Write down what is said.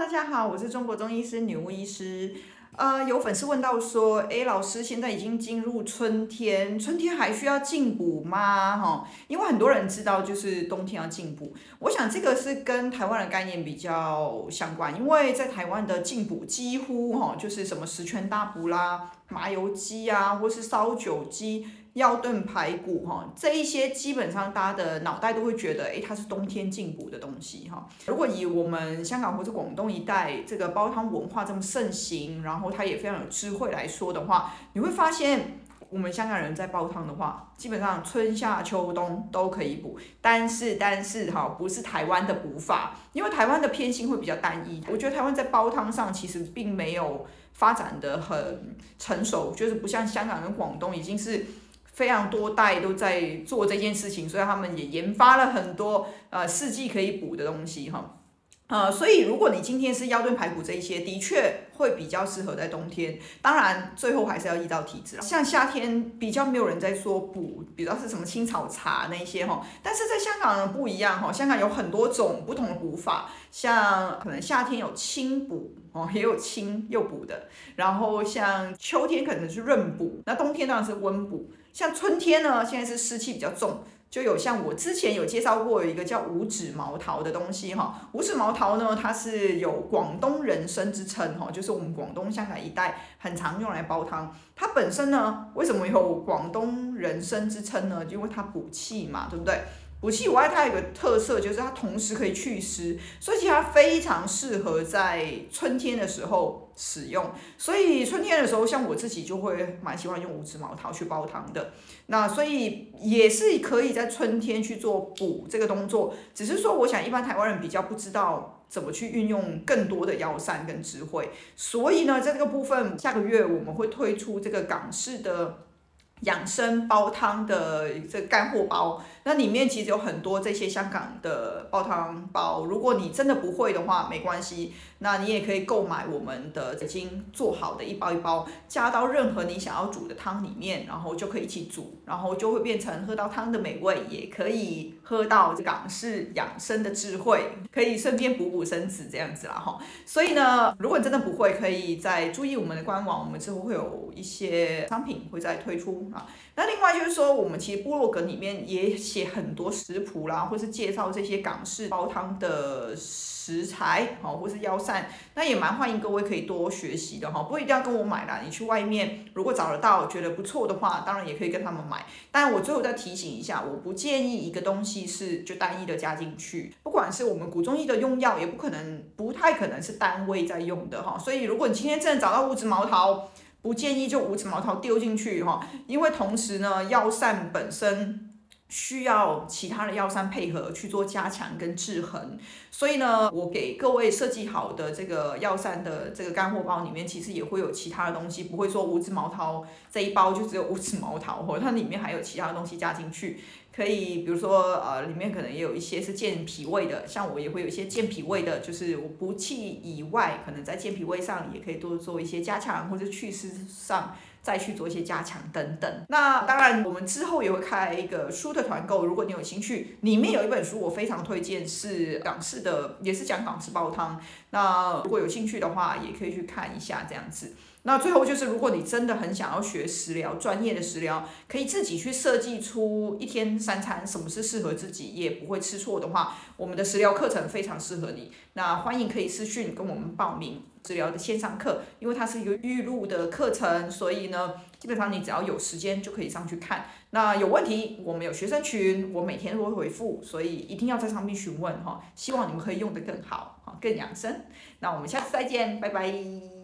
大家好，我是中國中醫師牛醫師。呃，有粉絲問到說，哎、欸，老師現在已經進入春天，春天還需要進補嗎？哈，因為很多人知道就是冬天要進補，我想這個是跟台灣的概念比較相關，因為在台灣的進補幾乎哈，就是什麼十全大補啦、麻油雞啊，或是燒酒雞。要燉排骨哈，這一些基本上大家的腦袋都會覺得，欸，它是冬天進補的東西哈。如果以我們香港或者廣東一帶這個煲湯文化這麼盛行，然後它也非常有智慧來說的話，你會發現我們香港人在煲湯的話，基本上春夏秋冬都可以補，但是但是哈，不是台灣的補法，因為台灣的偏心會比較單一。我覺得台灣在煲湯上其實並沒有發展得很成熟，就是不像香港跟廣東已經是。非常多代都在做這件事情，所以他們也研發了很多呃四季可以補的東西哈。呃，所以如果你今天是腰燉排骨這一些，的確會比較適合在冬天。當然，最後還是要依照體質。像夏天比較沒有人在說補，比如說是什麼青草茶那些哈。但是在香港呢，不一樣哈，香港有很多種不同的補法，像可能夏天有清補哦，也有清又補的。然後像秋天可能是潤補，那冬天當然是溫補。像春天呢，現在是濕氣比較重。就有像我之前有介紹過有一個叫五指毛桃的東西哈，五指毛桃呢，它是有廣東人參之稱哈，就是我們廣東、香港一帶很常用來煲湯。它本身呢，為什麼有廣東人參之稱呢？因為它補氣嘛，對不對？補氣外它有一個特色，就是它同時可以祛濕，所以其實它非常適合在春天的時候使用。所以春天的時候，像我自己就會蠻喜歡用五指毛桃去煲湯的。那所以也是可以在春天去做補這個動作，只是說我想一般台灣人比較不知道怎麼去運用更多的藥膳跟智慧，所以呢，在這個部分，下個月我們會推出這個港式的。養生煲湯的這乾貨包，那裡面其實有很多這些香港的煲湯包。如果你真的不會的話，沒關係，那你也可以購買我們的已經做好的一包一包，加到任何你想要煮的湯裡面，然後就可以一起煮，然後就會變成喝到湯的美味，也可以喝到港式養生的智慧，可以順便補補身子這樣子啦哈。所以呢，如果你真的不會，可以在注意我們的官網，我們之後會有一些商品會再推出。那另外就是說，我們其實部落格裡面也寫很多食譜啦，或是介紹這些港式煲湯的食材，好，或是藥膳，那也蠻歡迎各位可以多學習的哈。不一定要跟我買啦。你去外面如果找得到覺得不錯的話，當然也可以跟他們買。但我最後再提醒一下，我不建議一個東西是就單一的加進去，不管是我們古中醫的用藥，也不可能不太可能是單味在用的哈。所以如果你今天真的找到五指毛桃，不建議就五指毛桃丟進去哈，因為同時呢，藥膳本身，需要其他的藥膳配合去做加強跟制衡，所以呢，我給各位設計好的這個藥膳的這個乾貨包裡面，其實也會有其他的東西，不會說五指毛桃這一包就只有五指毛桃，或者它裡面還有其他的東西加進去，可以比如說呃，裡面可能也有一些是健脾胃的，像我也會有一些健脾胃的，就是我補氣以外，可能在健脾胃上也可以多做一些加強或者祛濕上，再去做一些加強等等。那當然，我們之後也會開一個書的團購，如果你有興趣，裡面有一本書我非常推薦，是港式的，也是講港式煲湯。那如果有興趣的話，也可以去看一下這樣子。那最後就是，如果你真的很想要學食療，專業的食療，可以自己去設計出一天三餐，什麼是適合自己，也不會吃錯的話，我們的食療課程非常適合你。那歡迎可以私訊跟我們報名。治療的線上課，因為它是一個預錄的課程，所以呢，基本上你只要有時間就可以上去看。那有問題，我們有學生群，我每天都會回復，所以一定要在上面詢問哈。希望你們可以用得更好，哈，更養生。那我們下次再見，拜拜。